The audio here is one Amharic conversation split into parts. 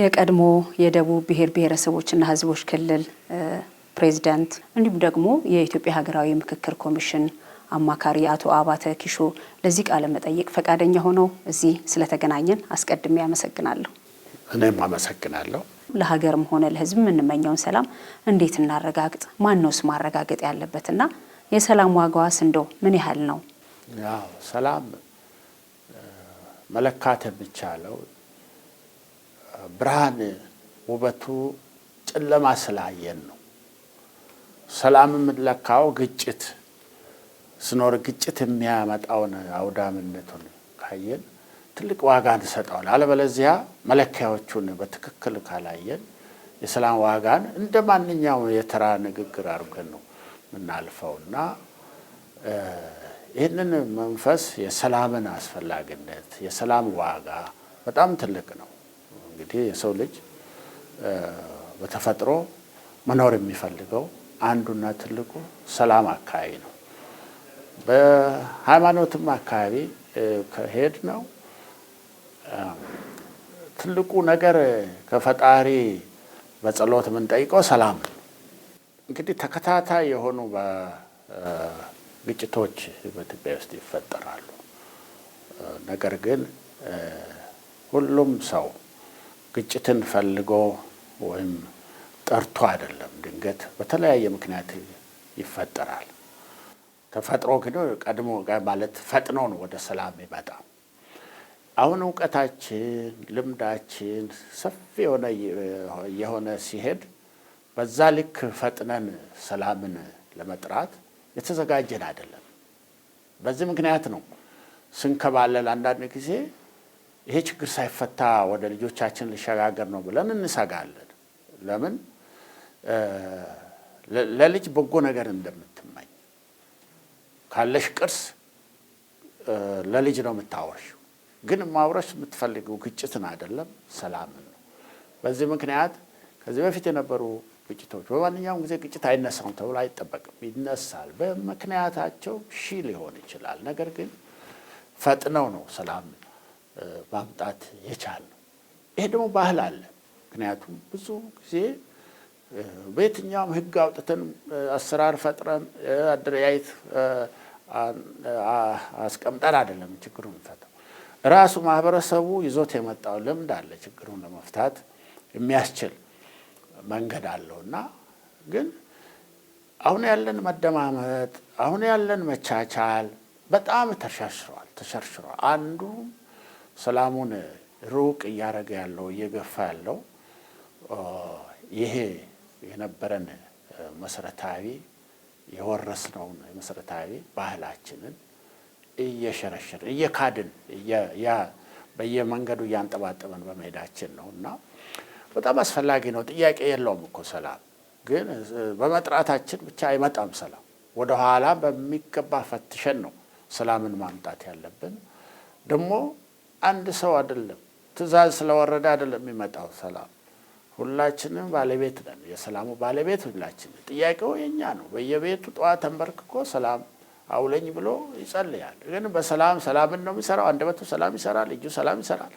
የቀድሞ የደቡብ ብሔር ብሔረሰቦችና ህዝቦች ክልል ፕሬዚዳንት እንዲሁም ደግሞ የኢትዮጵያ ሀገራዊ ምክክር ኮሚሽን አማካሪ አቶ አባተ ኪሾ ለዚህ ቃለ መጠይቅ ፈቃደኛ ሆነው እዚህ ስለተገናኘን አስቀድሜ አመሰግናለሁ። እኔም አመሰግናለሁ። ለሀገርም ሆነ ለህዝብ የምንመኘውን ሰላም እንዴት እናረጋግጥ? ማነውስ ማረጋገጥ ያለበትና የሰላም ዋጋዋስ እንደው ምን ያህል ነው? ያው ሰላም መለካት የሚቻለው ብርሃን ውበቱ ጨለማ ስላየን ነው። ሰላም የምንለካው ግጭት ስኖር ግጭት የሚያመጣውን አውዳምነቱን ካየን ትልቅ ዋጋ እንሰጠዋል። አለበለዚያ መለኪያዎቹን በትክክል ካላየን የሰላም ዋጋን እንደ ማንኛውም የተራ ንግግር አድርገን ነው የምናልፈው እና ይህንን መንፈስ የሰላምን አስፈላጊነት የሰላም ዋጋ በጣም ትልቅ ነው። እንግዲህ የሰው ልጅ በተፈጥሮ መኖር የሚፈልገው አንዱና ትልቁ ሰላም አካባቢ ነው። በሃይማኖትም አካባቢ ከሄድ ነው ትልቁ ነገር ከፈጣሪ በጸሎት የምንጠይቀው ሰላም ነው። እንግዲህ ተከታታይ የሆኑ ግጭቶች በኢትዮጵያ ውስጥ ይፈጠራሉ። ነገር ግን ሁሉም ሰው ግጭትን ፈልጎ ወይም ጠርቶ አይደለም። ድንገት በተለያየ ምክንያት ይፈጠራል። ተፈጥሮ ግን ቀድሞ ማለት ፈጥኖ ነው ወደ ሰላም ይመጣ። አሁን እውቀታችን፣ ልምዳችን ሰፊ የሆነ የሆነ ሲሄድ በዛ ልክ ፈጥነን ሰላምን ለመጥራት የተዘጋጀን አይደለም። በዚህ ምክንያት ነው ስንከባለል አንዳንድ ጊዜ ይሄ ችግር ሳይፈታ ወደ ልጆቻችን ሊሸጋገር ነው ብለን እንሰጋለን። ለምን ለልጅ በጎ ነገር እንደምትመኝ ካለሽ ቅርስ ለልጅ ነው የምታወርሽ ግን ማውረስ የምትፈልገው ግጭትን አይደለም፣ ሰላምን ነው። በዚህ ምክንያት ከዚህ በፊት የነበሩ ግጭቶች በማንኛውም ጊዜ ግጭት አይነሳም ተብሎ አይጠበቅም። ይነሳል፣ በምክንያታቸው ሺ ሊሆን ይችላል። ነገር ግን ፈጥነው ነው ሰላም ማምጣት የቻል ነው። ይሄ ደግሞ ባህል አለ። ምክንያቱም ብዙ ጊዜ በየትኛውም ህግ አውጥተን አሰራር ፈጥረን አደረያየት አስቀምጠን አይደለም ችግሩን ፈተው ራሱ ማህበረሰቡ ይዞት የመጣው ልምድ አለ ችግሩን ለመፍታት የሚያስችል መንገድ አለው እና ግን አሁን ያለን መደማመጥ አሁን ያለን መቻቻል በጣም ተሸርሽሯል ተሸርሽሯል አንዱም ሰላሙን ሩቅ እያደረገ ያለው እየገፋ ያለው ይሄ የነበረን መሰረታዊ የወረስነውን መሰረታዊ ባህላችንን እየሸረሸር እየካድን በየመንገዱ እያንጠባጠበን በመሄዳችን ነው እና በጣም አስፈላጊ ነው። ጥያቄ የለውም እኮ ሰላም። ግን በመጥራታችን ብቻ አይመጣም ሰላም። ወደኋላ በሚገባ ፈትሸን ነው ሰላምን ማምጣት ያለብን ደግሞ አንድ ሰው አይደለም፣ ትእዛዝ ስለወረደ አይደለም የሚመጣው ሰላም። ሁላችንም ባለቤት ነን፣ የሰላሙ ባለቤት ሁላችን። ጥያቄው የኛ ነው። በየቤቱ ጠዋት ተንበርክኮ ሰላም አውለኝ ብሎ ይጸልያል። ግን በሰላም ሰላምን ነው የሚሰራው። አንደበቱ ሰላም ይሰራል፣ እጁ ሰላም ይሰራል።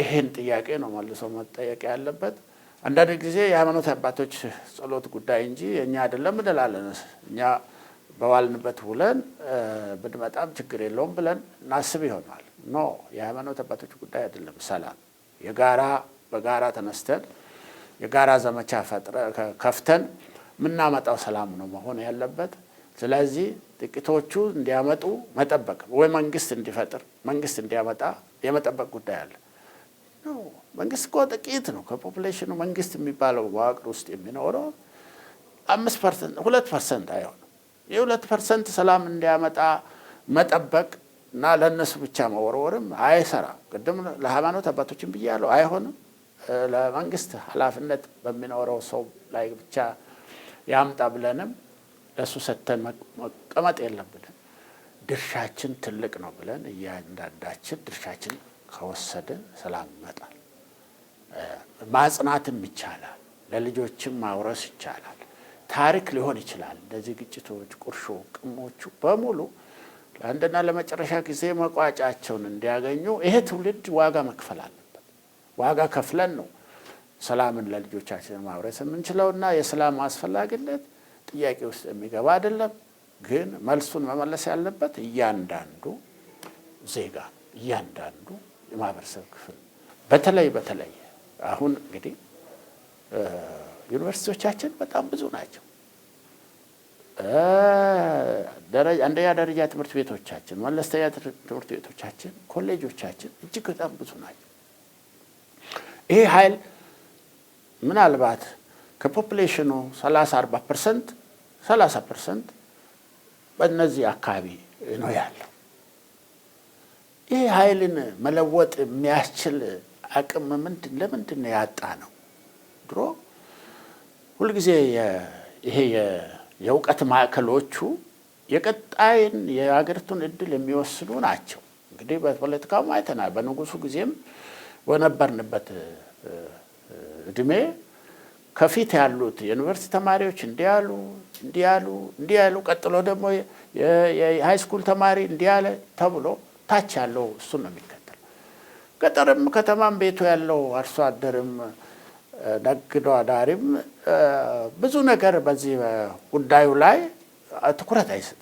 ይህን ጥያቄ ነው መልሶ መጠየቅ ያለበት። አንዳንድ ጊዜ የሃይማኖት አባቶች ጸሎት ጉዳይ እንጂ የእኛ አይደለም እንላለን። እኛ በዋልንበት ውለን ብንመጣም ችግር የለውም ብለን እናስብ ይሆናል። ኖ የሃይማኖት አባቶች ጉዳይ አይደለም። ሰላም የጋራ በጋራ ተነስተን የጋራ ዘመቻ ከፍተን የምናመጣው ሰላም ነው መሆን ያለበት። ስለዚህ ጥቂቶቹ እንዲያመጡ መጠበቅ ወይ መንግስት እንዲፈጥር መንግስት እንዲያመጣ የመጠበቅ ጉዳይ አለ። መንግስት እኮ ጥቂት ነው ከፖፑሌሽኑ መንግስት የሚባለው መዋቅር ውስጥ የሚኖረው አምስት ፐርሰንት ሁለት ፐርሰንት አይሆንም። የሁለት ፐርሰንት ሰላም እንዲያመጣ መጠበቅ እና ለእነሱ ብቻ መወርወርም አይሰራም። ቅድም ለሃይማኖት አባቶችን ብያለሁ፣ አይሆንም። ለመንግስት ኃላፊነት በሚኖረው ሰው ላይ ብቻ ያምጣ ብለንም ለእሱ ሰተን መቀመጥ የለብንም። ድርሻችን ትልቅ ነው ብለን እያንዳንዳችን ድርሻችን ከወሰድን ሰላም ይመጣል። ማጽናትም ይቻላል። ለልጆችም ማውረስ ይቻላል። ታሪክ ሊሆን ይችላል። እነዚህ ግጭቶች፣ ቁርሾ፣ ቅሞቹ በሙሉ ለአንድና ለመጨረሻ ጊዜ መቋጫቸውን እንዲያገኙ ይሄ ትውልድ ዋጋ መክፈል አለበት። ዋጋ ከፍለን ነው ሰላምን ለልጆቻችን ማውረስ እና የሰላም አስፈላጊነት ጥያቄ ውስጥ የሚገባ አይደለም። ግን መልሱን መመለስ ያለበት እያንዳንዱ ዜጋ፣ እያንዳንዱ የማህበረሰብ ክፍል በተለይ በተለይ አሁን እንግዲህ ዩኒቨርሲቲዎቻችን በጣም ብዙ ናቸው። አንደኛ ደረጃ ትምህርት ቤቶቻችን፣ መለስተኛ ትምህርት ቤቶቻችን፣ ኮሌጆቻችን እጅግ በጣም ብዙ ናቸው። ይህ ኃይል ምናልባት ከፖፕሌሽኑ 30 40 ፐርሰንት 30 ፐርሰንት በእነዚህ አካባቢ ነው ያለው። ይህ ኃይልን መለወጥ የሚያስችል አቅም ምንድን ለምንድን ነው ያጣ ነው? ድሮ ሁልጊዜ ይሄ የእውቀት ማዕከሎቹ የቀጣይን የሀገሪቱን እድል የሚወስኑ ናቸው። እንግዲህ በፖለቲካው አይተናል። በንጉሱ ጊዜም በነበርንበት እድሜ ከፊት ያሉት የዩኒቨርሲቲ ተማሪዎች እንዲያሉ እንዲያሉ እንዲያሉ ቀጥሎ ደግሞ የሃይስኩል ተማሪ እንዲያለ ተብሎ ታች ያለው እሱን ነው የሚከተል። ገጠርም ከተማም ቤቱ ያለው አርሶ አደርም ነግዶ አዳሪም ብዙ ነገር በዚህ ጉዳዩ ላይ ትኩረት አይሰጥም።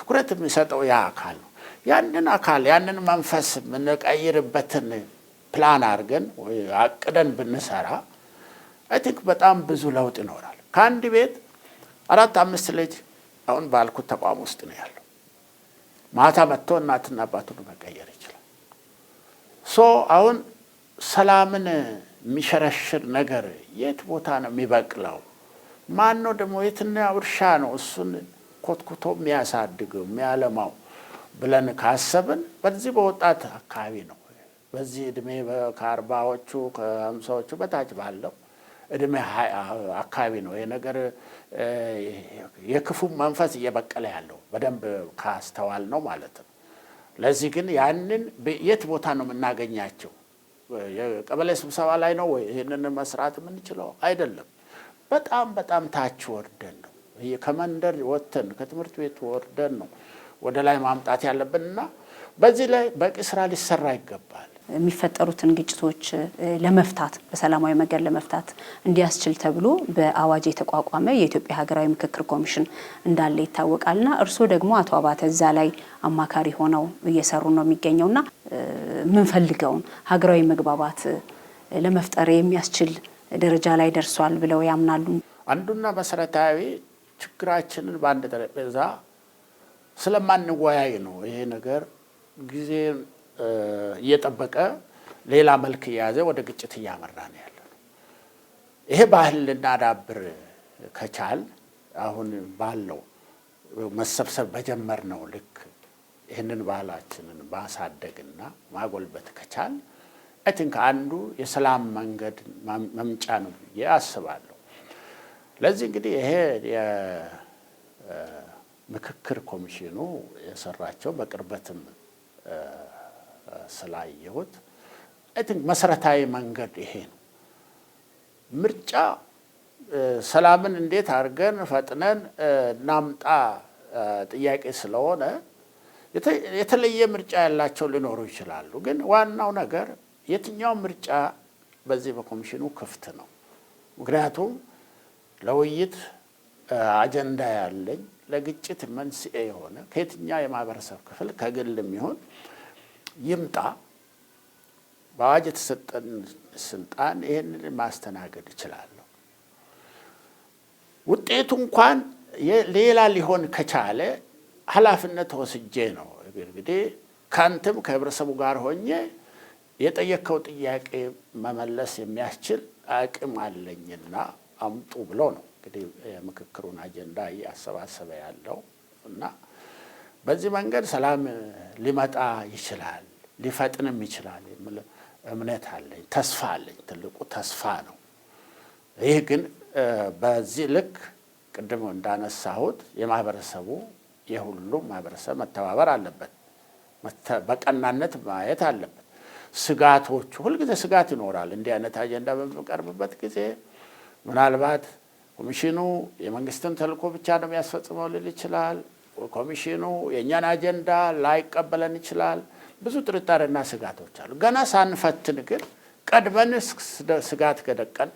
ትኩረት የሚሰጠው ያ አካል ነው። ያንን አካል ያንን መንፈስ የምንቀይርበትን ፕላን አድርገን አቅደን ብንሰራ አይ ቲንክ በጣም ብዙ ለውጥ ይኖራል። ከአንድ ቤት አራት አምስት ልጅ አሁን ባልኩት ተቋም ውስጥ ነው ያለው። ማታ መጥቶ እናትና አባቱን መቀየር ይችላል። ሶ አሁን ሰላምን የሚሸረሽር ነገር የት ቦታ ነው የሚበቅለው? ማን ነው ደግሞ የትኛው እርሻ ነው እሱን ኮትኩቶ የሚያሳድገው የሚያለማው ብለን ካሰብን በዚህ በወጣት አካባቢ ነው። በዚህ እድሜ ከአርባዎቹ ከሀምሳዎቹ በታች ባለው እድሜ አካባቢ ነው ይሄ ነገር የክፉ መንፈስ እየበቀለ ያለው በደንብ ካስተዋል ነው ማለት ነው። ለዚህ ግን ያንን የት ቦታ ነው የምናገኛቸው? የቀበሌ ስብሰባ ላይ ነው ወይ ይህንን መስራት የምንችለው? አይደለም። በጣም በጣም ታች ወርደን ነው ከመንደር ወጥተን ከትምህርት ቤት ወርደን ነው ወደ ላይ ማምጣት ያለብን እና በዚህ ላይ በቂ ስራ ሊሰራ ይገባል። የሚፈጠሩትን ግጭቶች ለመፍታት በሰላማዊ መንገድ ለመፍታት እንዲያስችል ተብሎ በአዋጅ የተቋቋመ የኢትዮጵያ ሀገራዊ ምክክር ኮሚሽን እንዳለ ና እርስዎ ደግሞ አቶ አባተ እዛ ላይ አማካሪ ሆነው እየሰሩ ነው ና የምንፈልገውን ሀገራዊ መግባባት ለመፍጠር የሚያስችል ደረጃ ላይ ደርሷል ብለው ያምናሉ? አንዱና መሰረታዊ ችግራችንን በአንድ ጠረጴዛ ስለማንወያይ ነው ይሄ ነገር ጊዜ እየጠበቀ ሌላ መልክ እየያዘ ወደ ግጭት እያመራ ነው ያለ ይሄ ባህል ልናዳብር ከቻል አሁን ባለው መሰብሰብ በጀመር ነው ልክ ይህንን ባህላችንን ማሳደግና ማጎልበት ከቻል አይ ከአንዱ አንዱ የሰላም መንገድ መምጫ ነው ብዬ አስባለሁ። ለዚህ እንግዲህ ይሄ የምክክር ኮሚሽኑ የሰራቸው በቅርበትም ስላየሁት አይ ቲንክ መሰረታዊ መንገድ ይሄ ነው። ምርጫ ሰላምን እንዴት አድርገን ፈጥነን እናምጣ ጥያቄ ስለሆነ የተለየ ምርጫ ያላቸው ሊኖሩ ይችላሉ። ግን ዋናው ነገር የትኛው ምርጫ በዚህ በኮሚሽኑ ክፍት ነው። ምክንያቱም ለውይይት አጀንዳ ያለኝ ለግጭት መንስኤ የሆነ ከየትኛው የማህበረሰብ ክፍል ከግል ይሁን ይምጣ። በአዋጅ የተሰጠን ስልጣን ይህንን ማስተናገድ እችላለሁ። ውጤቱ እንኳን ሌላ ሊሆን ከቻለ ኃላፊነት ወስጄ ነው እንግዲህ ከአንተም ከህብረተሰቡ ጋር ሆኜ የጠየከው ጥያቄ መመለስ የሚያስችል አቅም አለኝና አምጡ ብሎ ነው እንግዲህ የምክክሩን አጀንዳ እያሰባሰበ ያለው እና በዚህ መንገድ ሰላም ሊመጣ ይችላል፣ ሊፈጥንም ይችላል የሚል እምነት አለኝ፣ ተስፋ አለኝ። ትልቁ ተስፋ ነው። ይህ ግን በዚህ ልክ ቅድም እንዳነሳሁት የማህበረሰቡ የሁሉም ማህበረሰብ መተባበር አለበት፣ በቀናነት ማየት አለበት። ስጋቶቹ ሁልጊዜ ስጋት ይኖራል። እንዲህ አይነት አጀንዳ በሚቀርብበት ጊዜ ምናልባት ኮሚሽኑ የመንግስትን ተልእኮ ብቻ ነው የሚያስፈጽመው ሊል ይችላል። ኮሚሽኑ የእኛን አጀንዳ ላይቀበለን ይችላል። ብዙ ጥርጣሬና ስጋቶች አሉ። ገና ሳንፈትን ግን ቀድመን ስጋት ከደቀን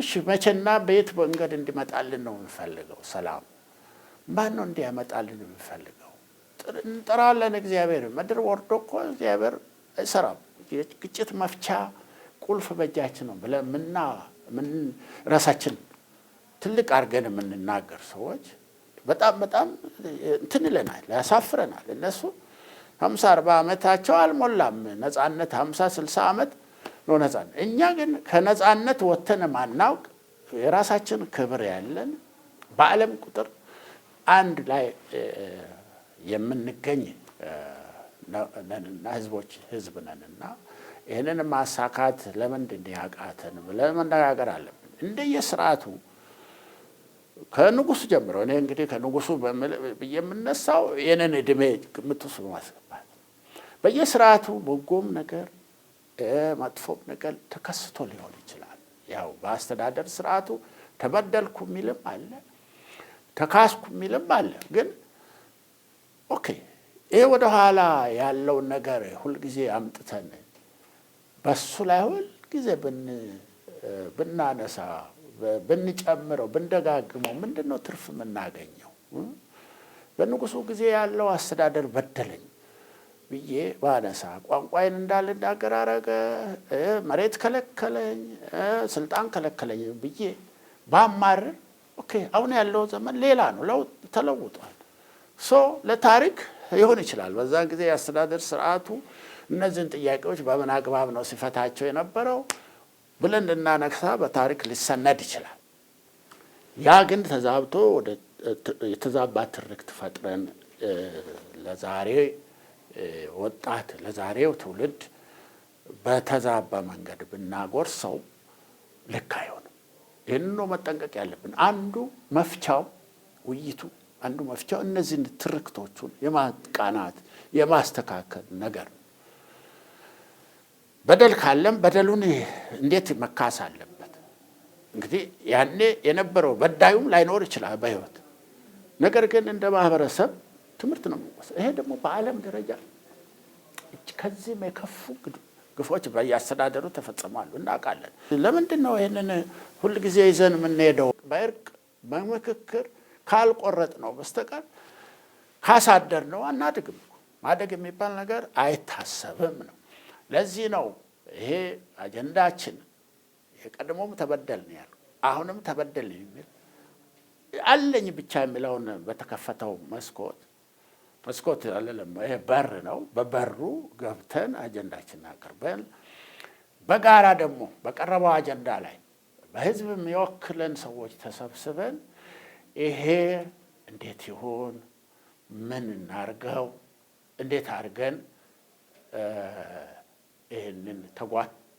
እሺ፣ መቼና በየት መንገድ እንዲመጣልን ነው የምንፈልገው? ሰላም ማን ነው እንዲያመጣልን የምንፈልገው? እንጠራለን። እግዚአብሔር ምድር ወርዶ እኮ እግዚአብሔር አይሰራም። ግጭት መፍቻ ቁልፍ በእጃችን ነው ብለን ምና ራሳችን ትልቅ አድርገን የምንናገር ሰዎች በጣም በጣም እንትን ይለናል፣ ያሳፍረናል። እነሱ ሀምሳ አርባ ዓመታቸው አልሞላም ነጻነት ሀምሳ ስልሳ ዓመት ነው ነጻነት። እኛ ግን ከነጻነት ወጥተን ማናውቅ የራሳችን ክብር ያለን በዓለም ቁጥር አንድ ላይ የምንገኝ ነንና ህዝቦች ህዝብ ነንና ይህንን ማሳካት ለምንድን ያቃተን ብለን መነጋገር አለብን እንደየስርዓቱ ከንጉሱ ጀምሮ እኔ እንግዲህ ከንጉሱ የምነሳው የእኔን እድሜ ግምት ውስጥ በማስገባት በየስርዓቱ በጎም ነገር መጥፎም ነገር ተከስቶ ሊሆን ይችላል። ያው በአስተዳደር ስርዓቱ ተበደልኩ የሚልም አለ፣ ተካስኩ የሚልም አለ። ግን ኦኬ ይህ ወደኋላ ያለውን ነገር ሁልጊዜ አምጥተን በሱ ላይ ሁልጊዜ ብናነሳ ብንጨምረው ብንደጋግመው ምንድን ነው ትርፍ የምናገኘው? በንጉሱ ጊዜ ያለው አስተዳደር በደለኝ ብዬ ባነሳ ቋንቋዬን እንዳልናገር አረገ፣ መሬት ከለከለኝ፣ ስልጣን ከለከለኝ ብዬ ባማርር ኦኬ፣ አሁን ያለው ዘመን ሌላ ነው፣ ለውጥ ተለውጧል። ሶ ለታሪክ ሊሆን ይችላል። በዛን ጊዜ የአስተዳደር ስርዓቱ እነዚህን ጥያቄዎች በምን አግባብ ነው ሲፈታቸው የነበረው? ብለን ልናነግሳ በታሪክ ሊሰነድ ይችላል። ያ ግን ተዛብቶ ወደ የተዛባ ትርክት ፈጥረን ለዛሬ ወጣት ለዛሬው ትውልድ በተዛባ መንገድ ብናጎርሰው ልክ አይሆንም። ይህን ነው መጠንቀቅ ያለብን። አንዱ መፍቻው ውይይቱ አንዱ መፍቻው እነዚህን ትርክቶቹን የማቃናት የማስተካከል ነገር ነው። በደል ካለም በደሉን እንዴት መካስ አለበት? እንግዲህ ያኔ የነበረው በዳዩም ላይኖር ይችላል በህይወት ነገር ግን እንደ ማህበረሰብ ትምህርት ነው የምንወስደው። ይሄ ደግሞ በዓለም ደረጃ ከዚህም የከፉ ግፎች በየአስተዳደሩ ተፈጽሟሉ እናውቃለን። ለምንድን ነው ይህንን ጊዜ ይዘን የምንሄደው? በእርቅ በምክክር ካልቆረጥ ነው በስተቀር ካሳደር ነው አናድግም። ማደግ የሚባል ነገር አይታሰብም ነው ለዚህ ነው ይሄ አጀንዳችን የቀድሞም ተበደልን ያሉ አሁንም ተበደልን የሚል አለኝ ብቻ የሚለውን በተከፈተው መስኮት መስኮት አለለም ይሄ በር ነው። በበሩ ገብተን አጀንዳችን አቅርበን በጋራ ደግሞ በቀረበው አጀንዳ ላይ በህዝብ የሚወክለን ሰዎች ተሰብስበን ይሄ እንዴት ይሆን ምን እናርገው፣ እንዴት አድርገን ይህንን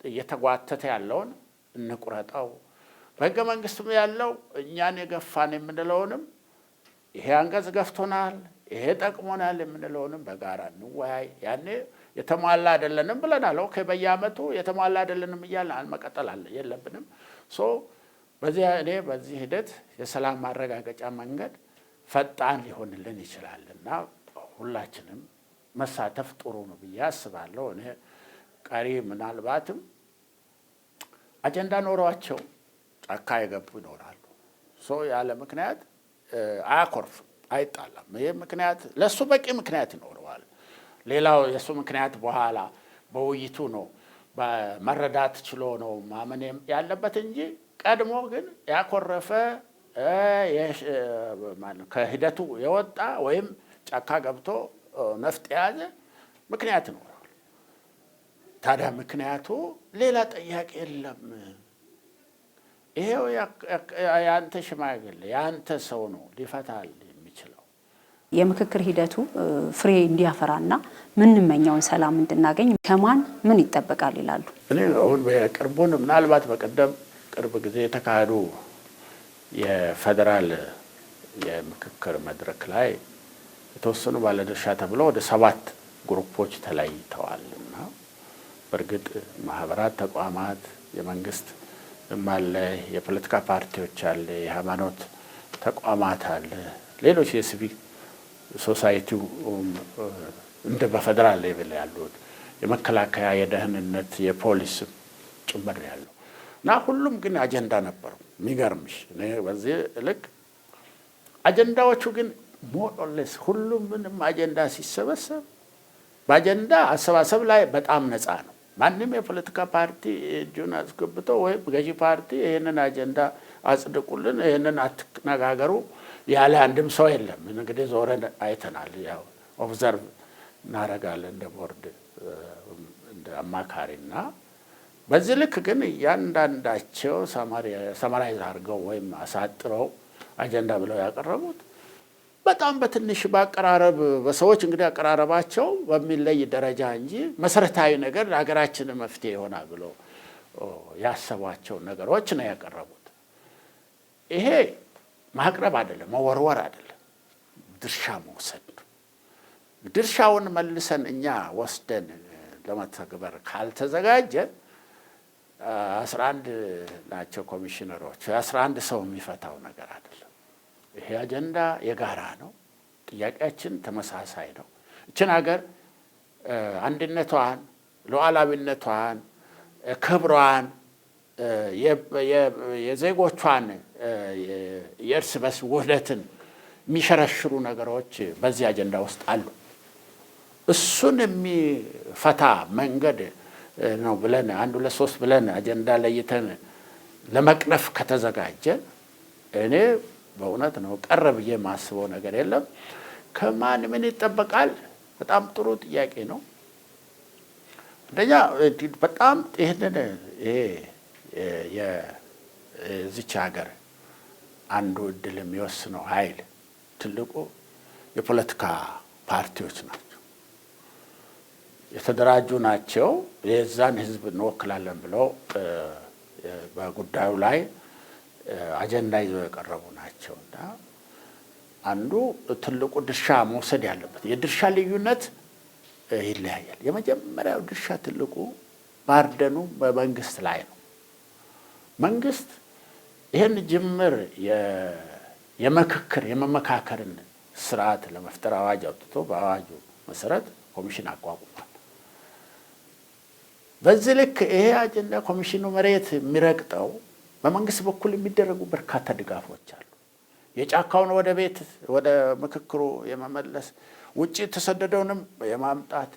እየተጓተተ ያለውን እንቁረጠው። በህገ መንግስትም ያለው እኛን የገፋን የምንለውንም ይሄ አንቀጽ ገፍቶናል፣ ይሄ ጠቅሞናል የምንለውንም በጋራ እንወያይ። ያኔ የተሟላ አይደለንም ብለናል። ኦኬ፣ በየአመቱ የተሟላ አይደለንም እያልን መቀጠል የለብንም። ሶ በዚህ እኔ በዚህ ሂደት የሰላም ማረጋገጫ መንገድ ፈጣን ሊሆንልን ይችላል እና ሁላችንም መሳተፍ ጥሩ ነው ብዬ አስባለሁ እኔ ቀሪ ምናልባትም አጀንዳ ኖሯቸው ጫካ የገቡ ይኖራሉ። ሰው ያለ ምክንያት አያኮርፍ፣ አይጣላም። ይህ ምክንያት ለእሱ በቂ ምክንያት ይኖረዋል። ሌላው የእሱ ምክንያት በኋላ በውይይቱ ነው በመረዳት ችሎ ነው ማመን ያለበት እንጂ ቀድሞ ግን ያኮረፈ ከሂደቱ የወጣ ወይም ጫካ ገብቶ ነፍጥ የያዘ ምክንያት ይኖራል። ታዲያ ምክንያቱ ሌላ ጥያቄ የለም። ይሄው የአንተ ሽማግሌ የአንተ ሰው ነው ሊፈታል የሚችለው። የምክክር ሂደቱ ፍሬ እንዲያፈራና ምንመኛውን ሰላም እንድናገኝ ከማን ምን ይጠበቃል ይላሉ። እኔ አሁን በቅርቡን ምናልባት በቀደም ቅርብ ጊዜ የተካሄዱ የፌዴራል የምክክር መድረክ ላይ የተወሰኑ ባለድርሻ ተብሎ ወደ ሰባት ግሩፖች ተለይተዋል። በእርግጥ ማህበራት፣ ተቋማት፣ የመንግስት አለ፣ የፖለቲካ ፓርቲዎች አለ፣ የሃይማኖት ተቋማት አለ፣ ሌሎች የሲቪክ ሶሳይቲው እንደ በፌደራል ሌቭል ያሉት የመከላከያ፣ የደህንነት፣ የፖሊስ ጭምር ያለው እና ሁሉም ግን አጀንዳ ነበሩ የሚገርምሽ በዚህ ልክ አጀንዳዎቹ ግን ሞጦለስ ሁሉም ምንም አጀንዳ ሲሰበሰብ በአጀንዳ አሰባሰብ ላይ በጣም ነፃ ነው። ማንም የፖለቲካ ፓርቲ እጁን አስገብቶ ወይም ገዢ ፓርቲ ይህንን አጀንዳ አጽድቁልን፣ ይህንን አትነጋገሩ ያለ አንድም ሰው የለም። እንግዲህ ዞረን አይተናል። ያው ኦብዘርቭ እናደርጋለን እንደ ቦርድ እንደ አማካሪና በዚህ ልክ ግን እያንዳንዳቸው ሰማራይዝ አድርገው ወይም አሳጥረው አጀንዳ ብለው ያቀረቡት በጣም በትንሽ በአቀራረብ በሰዎች እንግዲህ አቀራረባቸው በሚለይ ደረጃ እንጂ መሰረታዊ ነገር ለሀገራችን መፍትሄ ይሆናል ብሎ ያሰቧቸው ነገሮች ነው ያቀረቡት። ይሄ ማቅረብ አይደለም፣ መወርወር አይደለም፣ ድርሻ መውሰድ ድርሻውን መልሰን እኛ ወስደን ለመተግበር ካልተዘጋጀ አስራ አንድ ናቸው ኮሚሽነሮች አስራ አንድ ሰው የሚፈታው ነገር አይደለም። ይሄ አጀንዳ የጋራ ነው። ጥያቄያችን ተመሳሳይ ነው። እችን ሀገር አንድነቷን፣ ሉዓላዊነቷን፣ ክብሯን የዜጎቿን የእርስ በርስ ውህደትን የሚሸረሽሩ ነገሮች በዚህ አጀንዳ ውስጥ አሉ። እሱን የሚፈታ መንገድ ነው ብለን አንድ ሁለት ሶስት ብለን አጀንዳ ለይተን ለመቅረፍ ከተዘጋጀ እኔ በእውነት ነው ቀረ ብዬ ማስበው ነገር የለም። ከማን ምን ይጠበቃል? በጣም ጥሩ ጥያቄ ነው። አንደኛ በጣም ይህንን የዚች ሀገር አንዱ እድል የሚወስነው ኃይል ትልቁ የፖለቲካ ፓርቲዎች ናቸው። የተደራጁ ናቸው። የዛን ህዝብ እንወክላለን ብለው በጉዳዩ ላይ አጀንዳ ይዘው የቀረቡ ናቸው እና አንዱ ትልቁ ድርሻ መውሰድ ያለበት የድርሻ ልዩነት ይለያያል። የመጀመሪያው ድርሻ ትልቁ ባርደኑ በመንግስት ላይ ነው። መንግስት ይህን ጅምር የምክክር የመመካከርን ስርዓት ለመፍጠር አዋጅ አውጥቶ በአዋጁ መሰረት ኮሚሽን አቋቁሟል። በዚህ ልክ ይሄ አጀንዳ ኮሚሽኑ መሬት የሚረግጠው በመንግስት በኩል የሚደረጉ በርካታ ድጋፎች አሉ። የጫካውን ወደ ቤት ወደ ምክክሩ የመመለስ ውጭ የተሰደደውንም የማምጣት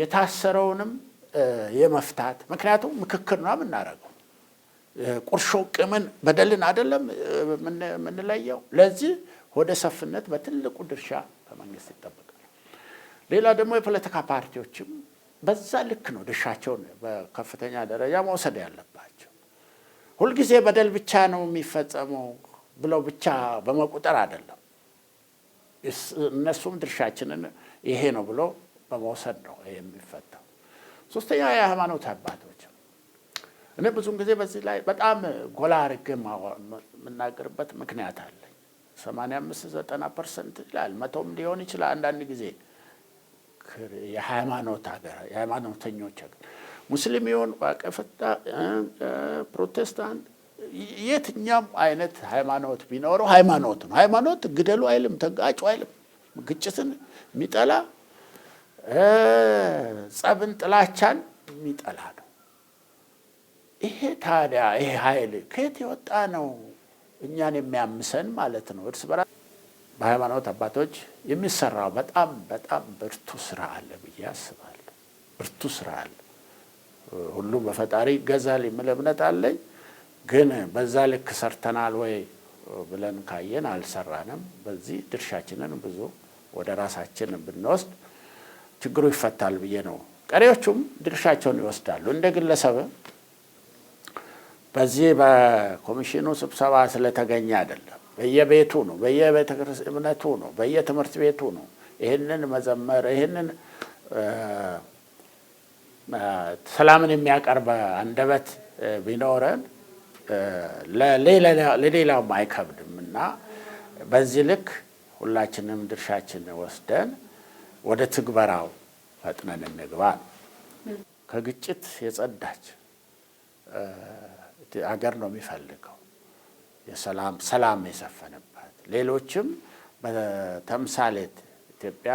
የታሰረውንም የመፍታት ምክንያቱም ምክክር ነው የምናደርገው። ቁርሾ ቅምን በደልን አይደለም የምንለየው። ለዚህ ወደ ሰፍነት በትልቁ ድርሻ በመንግስት ይጠበቃል። ሌላ ደግሞ የፖለቲካ ፓርቲዎችም በዛ ልክ ነው ድርሻቸውን በከፍተኛ ደረጃ መውሰድ ያለባቸው። ሁልጊዜ በደል ብቻ ነው የሚፈጸመው ብለው ብቻ በመቁጠር አይደለም። እነሱም ድርሻችንን ይሄ ነው ብሎ በመውሰድ ነው የሚፈታው። ሶስተኛ የሃይማኖት አባቶች እኔ ብዙን ጊዜ በዚህ ላይ በጣም ጎላ አድርጌ የምናገርበት ምክንያት አለኝ። ሰማንያ አምስት ዘጠና ፐርሰንት ይችላል መቶም ሊሆን ይችላል አንዳንድ ጊዜ የሃይማኖት ሀገር የሃይማኖተኞች ሀገር ሙስሊም የሆን ዋቀፈታ ፕሮቴስታንት የትኛም አይነት ሃይማኖት ቢኖረው ሃይማኖት ነው። ሃይማኖት ግደሉ አይልም፣ ተጋጩ አይልም። ግጭትን የሚጠላ ጸብን፣ ጥላቻን የሚጠላ ነው። ይሄ ታዲያ ይሄ ኃይል ከየት የወጣ ነው? እኛን የሚያምሰን ማለት ነው። እርስ በራ በሃይማኖት አባቶች የሚሰራው በጣም በጣም ብርቱ ስራ አለ ብዬ አስባለሁ። ብርቱ ስራ አለ። ሁሉም በፈጣሪ ይገዛል የሚል እምነት አለኝ። ግን በዛ ልክ ሰርተናል ወይ ብለን ካየን አልሰራንም። በዚህ ድርሻችንን ብዙ ወደ ራሳችን ብንወስድ ችግሩ ይፈታል ብዬ ነው። ቀሪዎቹም ድርሻቸውን ይወስዳሉ። እንደ ግለሰብ በዚህ በኮሚሽኑ ስብሰባ ስለተገኘ አይደለም። በየቤቱ ነው፣ በየቤተ እምነቱ ነው፣ በየትምህርት ቤቱ ነው። ይህንን መዘመር ይህንን ሰላምን የሚያቀርበ አንደበት ቢኖረን ለሌላውም አይከብድም እና በዚህ ልክ ሁላችንም ድርሻችንን ወስደን ወደ ትግበራው ፈጥነን እንግባ ከግጭት የጸዳች አገር ነው የሚፈልገው። የሰላም ሰላም የሰፈነባት ሌሎችም በተምሳሌት ኢትዮጵያ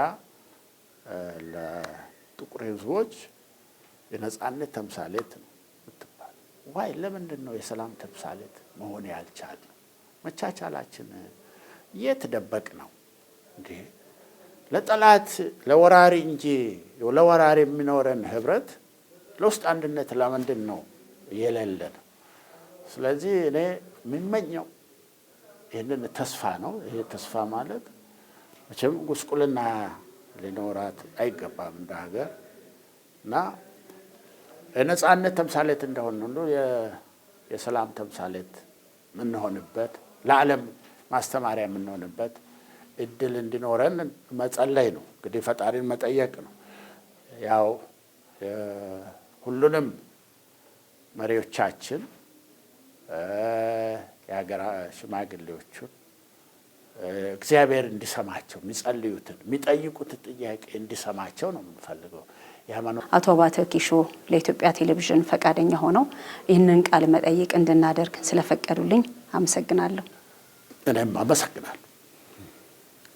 ለጥቁር ሕዝቦች የነጻነት ተምሳሌት ነው ምትባል ዋይ ለምንድን ነው የሰላም ተምሳሌት መሆን ያልቻል? መቻቻላችን የት ደበቅ ነው እንዴ? ለጠላት ለወራሪ እንጂ ለወራሪ የሚኖረን ህብረት ለውስጥ አንድነት ለምንድን ነው የሌለን? ስለዚህ እኔ የሚመኘው ይህንን ተስፋ ነው። ይህ ተስፋ ማለት መቼም ጉስቁልና ሊኖራት አይገባም እንደ ሀገር እና ነጻነት ተምሳሌት እንደሆን ሁሉ የሰላም ተምሳሌት የምንሆንበት ለዓለም ማስተማሪያ የምንሆንበት እድል እንዲኖረን መጸለይ ነው። እንግዲህ ፈጣሪን መጠየቅ ነው። ያው ሁሉንም መሪዎቻችን የሀገር ሽማግሌዎቹን እግዚአብሔር እንዲሰማቸው የሚጸልዩትን የሚጠይቁትን ጥያቄ እንዲሰማቸው ነው የምንፈልገው። አቶ አባተ ኪሾ ለኢትዮጵያ ቴሌቪዥን ፈቃደኛ ሆነው ይህንን ቃለ መጠይቅ እንድናደርግ ስለፈቀዱልኝ አመሰግናለሁ። እኔም አመሰግናለሁ።